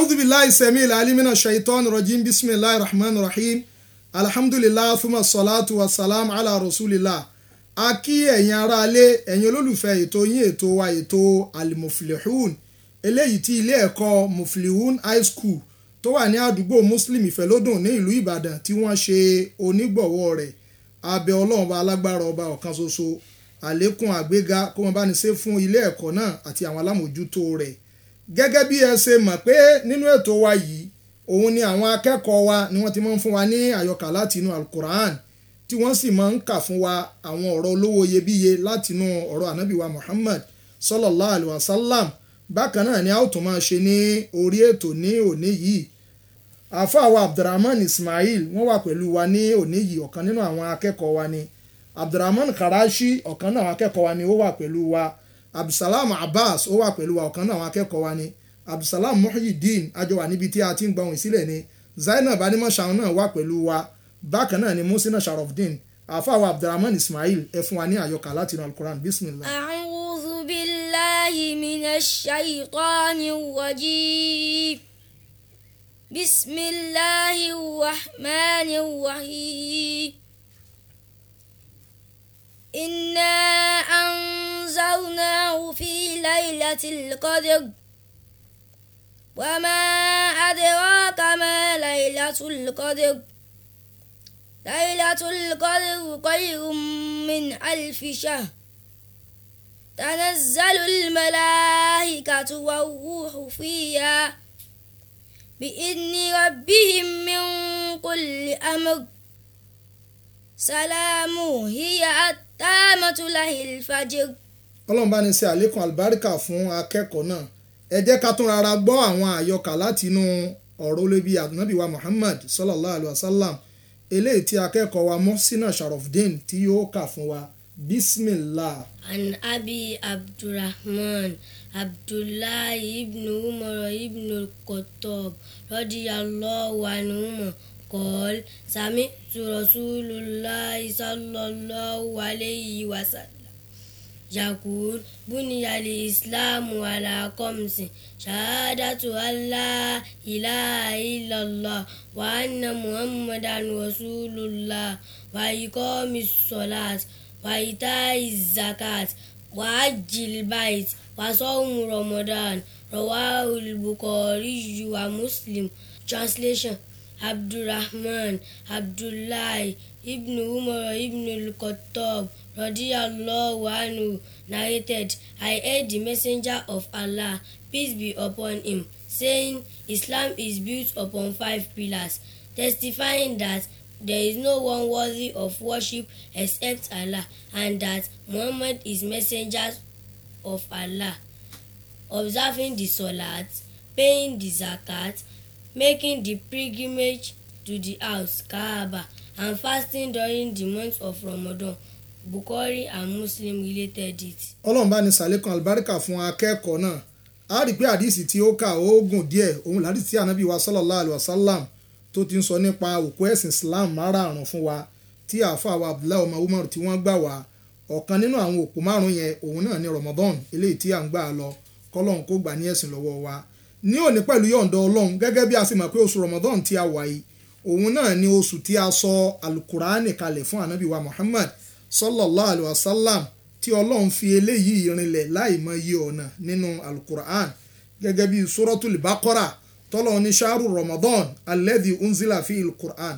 أعوذ بالله السميع العليم من الشيطان الرجيم بسم الله الرحمن الرحيم الحمد لله ثم الصلاة والسلام على رسول الله a kí ẹ̀yin aráalé ẹ̀yin olólùfẹ́ ètò yín ètò wa ètò alimuflihun eléyìí tí ilé ẹ̀kọ́ muflihun high school tó wà ní àdúgbò muslim ìfẹ́lódùn ní ìlú ìbàdàn tí wọ́n ṣe onígbọ̀wọ́ rẹ̀ abẹ́ ọlọ́run bá alágbára ọba ọ̀kan ṣoṣo àlékún àgbéga kó wọn bá ní ṣe fún ilé ẹ̀kọ́ náà àti àwọn alámòjútó rẹ̀ gẹ́gẹ́ bí ẹ ṣe mọ̀ pé nínú ètò wa yìí òun ni àwọn akẹ́kọ̀ọ́ wa ni wọ́n ti máa ń fún wa ní àyọkà láti inú alukur'an tí wọ́n sì máa ń kà fún wa àwọn ọ̀rọ̀ olówó iyebíye láti inú ọ̀rọ̀ ànábì Muhammad sallallahu alayhi wa sallam bákan náà ni a ó tún máa ṣe ní orí ètò ní òní yìí àáfàá wa Abdulrahman Ismail wọ́n wà pẹ̀lú wa ní òní yìí ọ̀kan nínú àwọn akẹ́kọ̀ọ́ wa ni Abdulrahman Karashi ọ̀kan náà akẹ́kọ̀ọ́ wa ni ó wà pẹ̀lú wa abdulsalam abbas ó wà pẹ̀lú wa ọ̀kan náà àwọn akẹ́kọ̀ọ́ wa ni abdulsalam muhyiddin àjọ wà níbi tí a ti ń gbọ́hùn sílẹ̀ ni zainab animọ̀ṣàwọn náà wà pẹ̀lú wa bákan náà ni musina sharafdin àfàwọ̀ abdulrahman ismail ẹ fún wa ní àyọkà láti inú alukoran bismillah. a'udhu billahi minash shaitanir rajim bismillahir rahmanir rahim inna an. أنزلناه في ليلة القدر وما أدراك ما ليلة القدر ليلة القدر خير من ألف شهر تنزل الملائكة والروح فيها بإذن ربهم من كل أمر سلام هي التامة له الفجر Ọlọ́run bá ní ṣe àlékún àlùbáríkà fún akẹ́kọ̀ọ́ náà ẹ jẹ́ ká tún rárá gbọ́ àwọn àyọkà láti inú ọ̀rọ̀ olóbi ànábì wa Muhammad sallallahu alayhi wa sallam eléyìí tí akẹ́kọ̀ọ́ wa Mọ́sínà Sharafdin tí yóò kà fún wa bismillah. an abi abdulrahman abdullahi ibn umar ibn kotob radiyallahu anhuma qol sami tu rasulullah sallallahu alayhi wa sallam. يقول بني الإسلام على خمس شهادة أن لا إله إلا الله وأن محمدا رسول الله وإقام الصلاة وإيتاء الزكاة وحج البيت وصوم رمضان رواه البخاري ومسلم Translation Abdulrahman Abdullahi Ibn Umar Ibn al-Khattab radiallahu anhu narrated, I heard the messenger of Allah, peace be upon him, saying, Islam is built upon five pillars, testifying that there is no one worthy of worship except Allah, and that Muhammad is messenger of Allah. Observing the Salat, paying the Zakat, making the pilgrimage to the house, Kaaba, and fasting during the month of Ramadan. Bukhari and Muslim related it. ọlọ́run bá ní sàlékàn àlùbáríkà fún akẹ́kọ̀ọ́ náà a rí i pé àdìsí tí ó kà ó gùn díẹ̀ òun làdìsí tí ànábì wa sallallahu alaihi wasallam tó ti ń sọ nípa òkú ẹ̀sìn Islam márààrún fún wa tí àáfàá wa Abdullahi ọmọ Umar tí wọ́n gbà wá ọ̀kan nínú àwọn òkú márùn-ún yẹn òun náà ni Ramadan eléyìí tí à ń gbà lọ kọ́lọ́hún kó gbà ní ẹ̀sìn lọ́wọ́ wa ní òní pẹ̀lú yọ̀ǹda ọlọ́run gẹ́gẹ́ bí a sì mọ̀ pé oṣù Ramadan tí a wà yìí òun náà ni oṣù tí a sọ alukurani kalẹ̀ fún ànábì wa Muhammad sallallahu alayhi wa sallam tí ọlọ́run fi eléyìí rinlẹ̀ láìmọye ọ̀nà nínú alukur'an gẹ́gẹ́ bí suratul baqara tọ́lọ́run ní sharu ramadan alladhi unzila fi alukur'an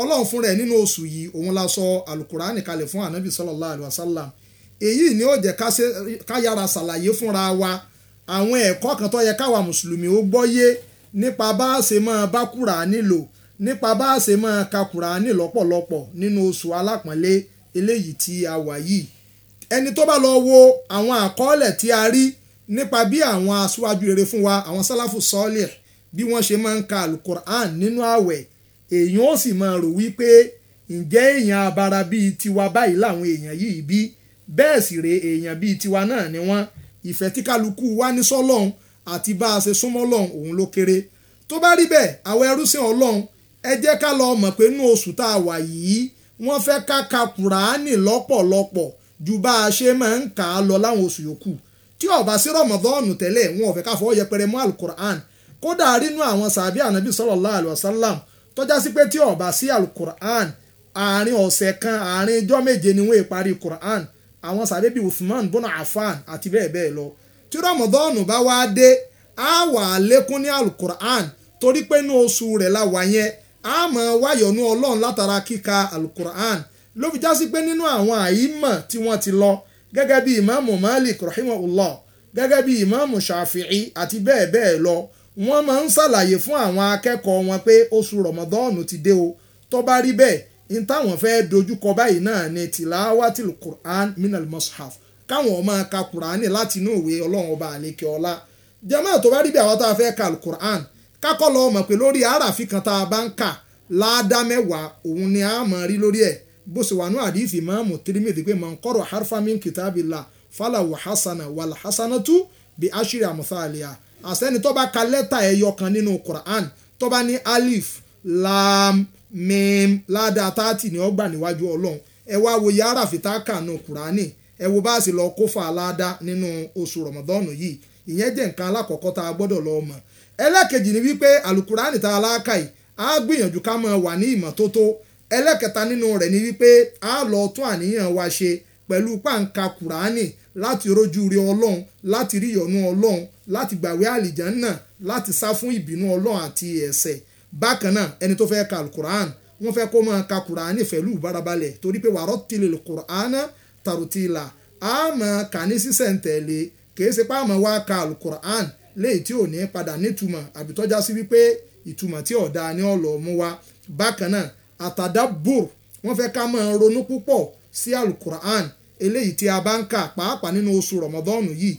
ọlọ́run fúnra ẹ̀ nínú oṣù yìí òun la sọ alukur'an kalẹ̀ fún anabi sallallahu alayhi wa sallam èyí ni ó jẹ́ ká yára ṣàlàyé fúnra wa àwọn ẹ̀kọ́ kan tó yẹ káwa mùsùlùmí ó gbọ́yé nípa bá a ṣe máa bá kùrà nílò nípa bá a ṣe máa ka kùrà nílọ́pọ̀lọpọ̀ nínú oṣù alápọ̀nlé eléyìí tí a wà yìí ẹni tó bá lọ wo àwọn àkọọ́lẹ̀ tí a rí nípa bí àwọn aṣáájú rere fún wa àwọn sálàfù sọ́ọ̀lì bí wọ́n ṣe máa ń ka alukur'an nínú àwẹ̀ èèyàn ó sì máa rò wípé ǹjẹ́ èèyàn abara bíi tiwa báyìí làwọn èèyàn yìí bí bẹ́ẹ̀ sì rè èèyàn bíi tiwa náà ni wọ́n ìfẹ́ tí kálukú wá ní sọ́lọ́hún àti bá a ṣe súnmọ́ lọ́hún òun ló kéré tó bá rí bẹ́ẹ̀ àwọn ẹrúsìn ọlọ́hún ẹ jẹ́ ká lọ mọ̀ pé inú oṣù tá a wà yìí wọ́n fẹ́ ká ka kùránì lọ́pọ̀lọpọ̀ ju bá a ṣe máa ń kà á lọ láwọn oṣù yòókù tí ọba sí rọmọdọ́ọ̀nù tẹ́lẹ̀ wọn ò fẹ́ ká fọwọ́ yẹpẹrẹ mú alukur'an kódà rínú àwọn sàbí ànábì sallallahu alaihi wasallam tọ́já sí pé tí ọba sí alukur'an àárín ọ̀sẹ̀ kan àárín ijọ́ méje ni wọ́n parí kur'an àwọn sàbí bíi Uthman bọ́nà Affan àti bẹ́ẹ̀ bẹ́ẹ̀ lọ tí rọmọdọ́ọ̀nù bá wá dé á wà á lékún ní alukur'an torí pé inú oṣù rẹ̀ la wà yẹn a máa wáyọ̀nú ọlọ́run látara kíka alukur'an ló fi já sí pé nínú àwọn àyímọ̀ tí wọ́n ti lọ gẹ́gẹ́ bí ìmáàmù malik rahimahullah gẹ́gẹ́ bí ìmáàmù shafi'i àti bẹ́ẹ̀ bẹ́ẹ̀ lọ wọ́n máa ń ṣàlàyé fún àwọn akẹ́kọ̀ọ́ wọn pé oṣù rọ̀mọdọ́ọ̀nù ti dé o tó bá rí bẹ́ẹ̀ n táwọn fẹ́ dojúkọ báyìí náà ni tìláwátìl qur'an minal mushaf káwọn ó máa ka qur'ani láti inú ìwé ọlọ́run ọba àlekè ọlá jẹ́mọ́ tó bá rí bí àwọn tá a fẹ́ ka qur'an kákọ́ lọ mọ̀ pé lórí àràfin kan tá a bá ń kà láàdá mẹ́wàá òun ni a máa rí lórí ẹ̀ bó ṣe wà ní àdìsí Imamu Tirmidhi pé man qara'a harfan min kitabillah falahu hasana wal hasanatu bi ashri amthaliha àsẹ́ni tó bá ka lẹ́tà ẹyọ kan nínú Quran tó bá ní alif lam mim ládàá táàtì ni ó gbà níwájú ọlọ́run ẹ wá wo yàrá fìtákà nù Qur'ani ẹ wo bá a sì lọ kó fà láàdá nínú oṣù rọmọdọ́ọ̀nù yìí ìyẹn jẹ́ nǹkan alákọ̀ọ́kọ́ tá a gbọ́dọ̀ lọ mọ̀ ẹlẹ́ẹ̀kejì ni wípé alukurani tá a láàkà yìí á gbìyànjú ká máa wà ní ìmọ́tótó ẹlẹ́ẹ̀kẹta nínú rẹ̀ ni wípé á lọ tún àníyàn wa ṣe pẹ̀lú pàǹkà kùránì láti rójú rí ọlọ́run láti rí ìyọ́nú ọlọ́run láti gbàwé àlìjánná láti sá fún ìbínú ọlọ́run àti ẹ̀ṣẹ̀ bákan náà ẹni tó fẹ́ ka alukurani wọ́n fẹ́ kó máa ka kùránì pẹ̀lú ìbárabalẹ̀ torí pé wàá rọ́tìlẹ̀ kùránì tarutila a máa kà ní sísẹ̀ntẹ̀lé kì í ṣe pé ka alukur'an léyìí tí ò ní padà nítumọ̀ àbí tọ́já sí wípé ìtumọ̀ tí ọ̀dà ni ọ̀lọ́ mú wa bákan náà àtàdábùr wọ́n fẹ́ ká máa ronú púpọ̀ si alukur'an eléyìí tí a bá ń kà pàápàá nínú oṣù rọ̀mọ́dọ́ọ̀nù yìí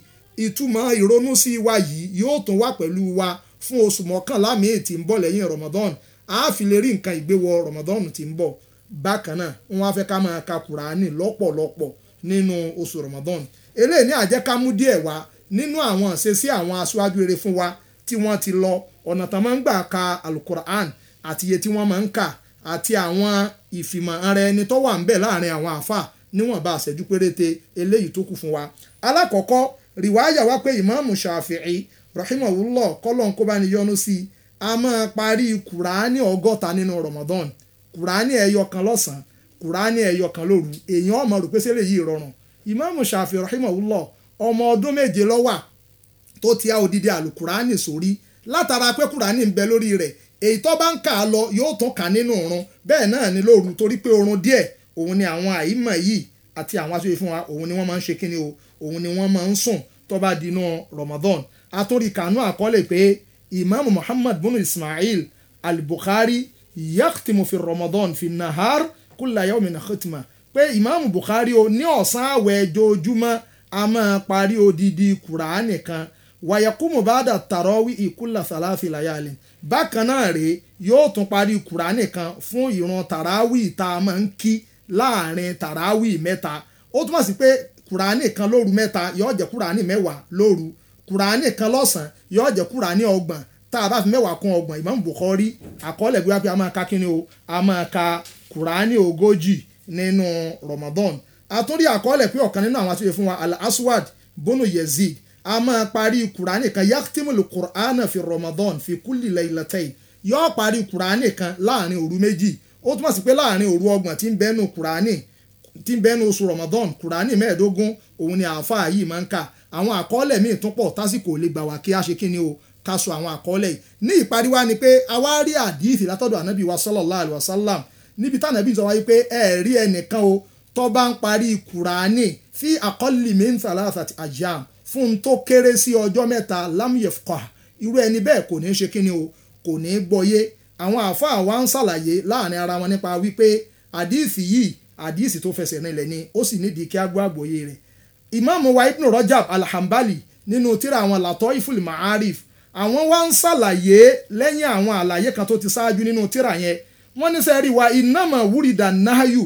ìtumọ̀ ìrònú sí wa yìí yóò tún wà pẹ̀lú wa fún oṣù mọ́kànlá míì tí ń bọ̀ lẹ́yìn rọ̀mọ́dọ́ọ̀nù a fi lè rí nǹkan ìgbéwọ̀ rọ̀mọ́dọ́ọ̀nù tí ń bọ̀ bákan náà wọ́n á fẹ́ ká máa ka kùránì lọ́pọ̀lọpọ̀ nínú oṣù Ramadan eléyìí ní àjẹkámú díẹ̀ wá nínú àwọn àṣesí àwọn aṣáájú eré fún wa tí wọ́n ti lọ ọ̀nà tán máa ń gbà ka alukur'an àti iye tí wọ́n máa ń kà àti àwọn ìfìmọ̀ ara ẹni tó wà ń bẹ̀ láàrin àwọn àfà níwọ̀nba àṣẹjú péréte eléyìí tó kù fún wa. alákọ̀ọ́kọ́ rìwáyà wá pé ìmáàmù ṣàfihì rahimahullah kọ́lọ́n kó bá ní yọ́nú sí i a máa parí kùránì ọgọ́ta nínú Ramadan kùránì ẹyọ kan lọ́sàn-án kùránì ẹyọ kan lóru èèyàn ọmọ rò pé sẹ́lẹ̀ yìí rọrùn ìmáàmù ṣàfi rahimahullah ọmọ ọdún méje lọ́wà tó ti á odidi àlùkùránì sórí látara pé kùránì ń bẹ lórí rẹ̀ èyí tó bá ń kà á lọ yóò tún kà nínú oorun bẹ́ẹ̀ náà ni lóru torí pé oorun díẹ̀ òun ni àwọn àìmọ̀ yìí àti àwọn aṣojú fún òun ni wọ́n máa ń ṣe kíni o òun ni wọ́n máa ń sùn tó bá di inú Ramadan a tún rí kànú àkọọ́lẹ̀ pé ìmáàmù Muhammad bunu Ismail al-Bukhari yakhtimu fi Ramadan fi nahar kulla yawmin khitma pé ìmáàmù Bukhari o ní ọ̀sán àwẹ̀ ojoojúmọ́ a máa parí odidi kùránì kan wàyàkùmù bàdà tàrọ́wì ìkúlà sàláfì làyàlì bákan náà rèé yóò tún parí kùránì kan fún ìran tàràwì tá a máa ń kí láàrin tàràwì mẹ́ta ó túmọ̀ sí pé kùránì kan lóru mẹ́ta yóò jẹ́ kùránì mẹ́wàá lóru kùránì kan lọ́sàn-án yóò jẹ́ kùránì ọgbọ̀n tá a bá fi mẹ́wàá kún ọgbọ̀n Imam Bukhari àkọọ́lẹ̀ bí wá pé a máa ka kíni o a máa kùránì ogójì nínú Ramadan àtúndì àkọọ́lẹ̀ pé ọ̀kan nínú àwọn àti ìfún wa Al-Aswad bono Yazid a máa parí kùránì kan yaktimulu kùránì fi Ramadan fi kulli laylatayn yóò parí kùránì kan láàrin òru méjì ó túmọ̀ sí pé láàrin òru ọgbọ̀n tí ń bẹ́nu kùránì tí ń bẹ́nu oṣù Ramadan kùránì mẹ́ẹ̀ẹ́dógún òun ni àáfàá yìí máa ń kà àwọn àkọọ́lẹ̀ míì tún pọ̀ tásìkò lè gbà wá kí a ṣe kí o ká sọ àwọn àkọọ́lẹ̀ yìí ní ìparí wa ni pé a wá rí àdìsí látọ̀dọ̀ ànábì wa sallallahu alaihi wasallam níbi tànàbí sọ wáyé pé ẹ rí ẹnìkan o tó bá ń parí kùránì fi àkọlì min thalathati ayyam fún un tó kéré sí ọjọ́ mẹ́ta lam yafqah irú ẹni bẹ́ẹ̀ kò ní ṣe kíni o kò ní gbọ́yé àwọn àáfàá wa ń ṣàlàyé láàrin ara wọn nípa wípé àdìsí yìí àdìsí tó fẹsẹ̀ nílẹ̀ ni ó sì nídìí kí á rẹ̀ ìmáàmù wa ibnu rajab alhambali nínú tírà àwọn làtọ́ iful àwọn wá ń ṣàlàyé lẹ́yìn àwọn àlàyé kan tó ti ṣáájú nínú tíra yẹn wọ́n ní sẹ́ẹ̀rí wa ìnámọ̀ wúrìdà náhayù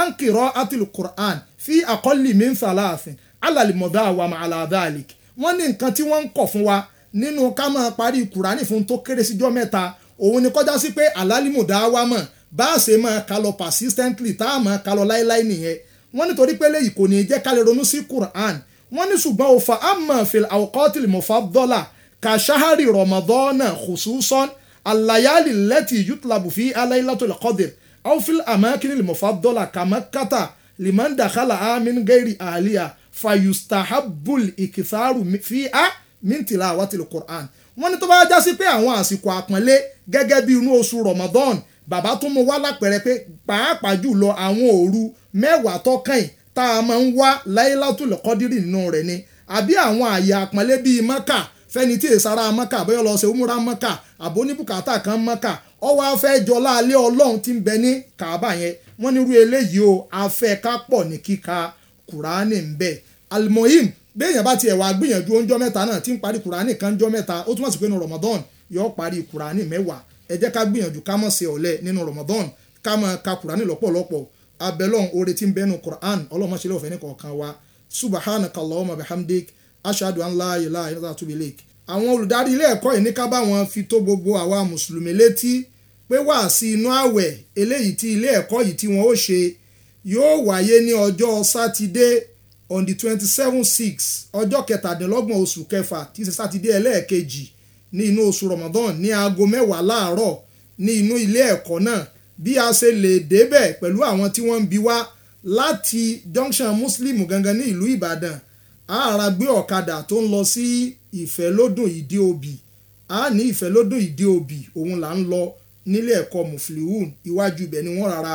ankirọ́ atil Qur'an fi àkọ́lì mi ń sàlàáfin alàlìmọ̀dá wa màálàdáàlì wọ́n ní nǹkan tí wọ́n ń kọ̀ fún wa nínú ká máa parí kùránì fún tó kéré síjọ́ mẹ́ta òun ni kọjá sí pé àlálìmọ̀dá wa mọ̀ bá a ṣe máa ka lọ persistently tá a máa ka lọ láéláé nìyẹn wọ́n nítorí pé léyìí kò ní jẹ́ ká lè ronú sí Qur'an wọ́n ní ṣùgbọ́n òfa àmọ̀ fil àwòkọ́tìlì mọ̀fà dọ́là kàṣáhárì rọmọdọ́nà khususan alayali lẹ́tì yutlabu fi alaylatul qadr awfil amakin ilmufadola kamakata liman dakhala amin gairi aliya fayustahabul ikitharu fi a min tilawatil qur'an wọ́n ní tó bá já sí pé àwọn àsìkò àpọ́nlé gẹ́gẹ́ bí inú oṣù rọmọdọ́n bàbá tún mú wá lápẹẹrẹ pé pàápàá jùlọ àwọn òru mẹ́wàá tọ́kàn yìí tá a máa ń wá láyé látùlọ̀kọ́dírì nínú rẹ̀ ni àbí àwọn àyè àpọ́nlé bíi mọ́kà fẹ́ni sara maka mọ́kà ọsọ lọ́ọ́ ṣe umura mọ́kà àbó ní bùkátà kan maka ọ afọ fẹ́ jọlá alẹ́ ọlọ́run tí ń bẹ ní kàábà yẹn wọ́n o afẹ́ ní kíka kùránì ń almohim béèyàn bá tiẹ̀ wá gbìyànjú oúnjọ mẹ́ta náà tí ń parí kùránì kan jọ mẹ́ta ó túmọ̀ sí pé nu Ramadan yọ parí kùránì mẹ́wàá ẹ jẹ́ ká gbìyànjú ká mọ̀ nínú Ramadan ká ka kùránì lọ́pọ̀lọpọ̀ abẹ́lọ́n oore ń bẹ́nu kọ̀ọ̀kan wa aṣáájú ńlá ìlà ìlà tóbi lake àwọn olùdarí ilé ẹ̀kọ́ yìí ní ká bá wọn fi tó gbogbo àwa mùsùlùmí létí pé wàásí inú ààwẹ̀ eléyìí tí ilé ẹ̀kọ́ yìí tí wọ́n ó ṣe yóò wáyé ní ọjọ́ sátidé on the twenty seven six ọjọ́ kẹtàdínlọ́gbọ̀n oṣù kẹfà tí ṣe sátidé ẹlẹ́ẹ̀kejì ní inú oṣù ramadan ní aago mẹ́wàá láàárọ̀ ní inú ilé ẹ̀kọ́ náà bí a ṣe lè débẹ̀ pẹ̀lú àwọn tí wọ́n ń bi wá láti junction muslim gangan ní ìlú ìbàdàn àára gbé ọ̀kadà tó ń lọ sí ìfẹ́lódùn ìdí òbí a ní ìfẹ́lódùn ìdí òbí òun là ń lọ nílé ẹ̀kọ́ mufliun iwájú ibẹ̀ ni wọ́n rárá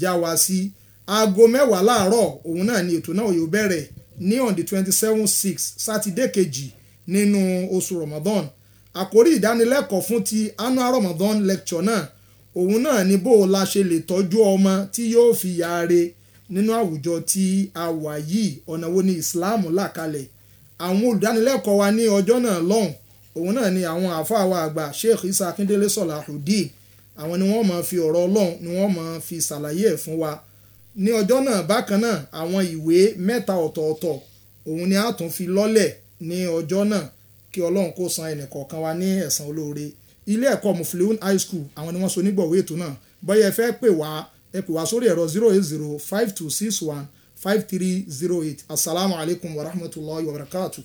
já wa sí aago mẹ́wàá láàárọ̀ òun náà ni ètò náà yóò bẹ̀rẹ̀ ní on the twenty seven six sátidé kejì nínú oṣù Ramadan àkórí ìdánilẹ́kọ̀ọ́ fún ti annual Ramadan lecture náà òun náà ni bó o la ṣe lè tọ́jú ọmọ tí yóò fi yáa re nínú àwùjọ tí a wà yìí ọ̀nà wo ni Islam là kalẹ̀ àwọn olùdánilẹ́kọ̀ọ́ wa ní ọjọ́ náà lọ́hùn òun náà ni àwọn àáfàá wa àgbà Sheikh Isa Akindele Sọ̀làhùdíì àwọn ni wọ́n máa fi ọ̀rọ̀ Ọlọ́run ni wọ́n máa fi ṣàlàyé ẹ̀ fún wa ní ọjọ́ náà bákan náà àwọn ìwé mẹ́ta ọ̀tọ̀ọ̀tọ̀ òun ni a tún fi lọ́lẹ̀ ní ọjọ́ náà kí Ọlọ́run kó san ẹnìkọ̀ọ̀kan wa ní ẹ̀san olóore ilé ẹ̀kọ́ Mufliun High School àwọn ni wọ́n so nígbọ̀wé ètò náà bọ́yá ẹ fẹ́ pè wá 0244 ẹ pè wá sórí ẹ̀rọ zero eight zero five two six one five three zero eight asalaamualeykum wa rahmatulahi wa barakatu.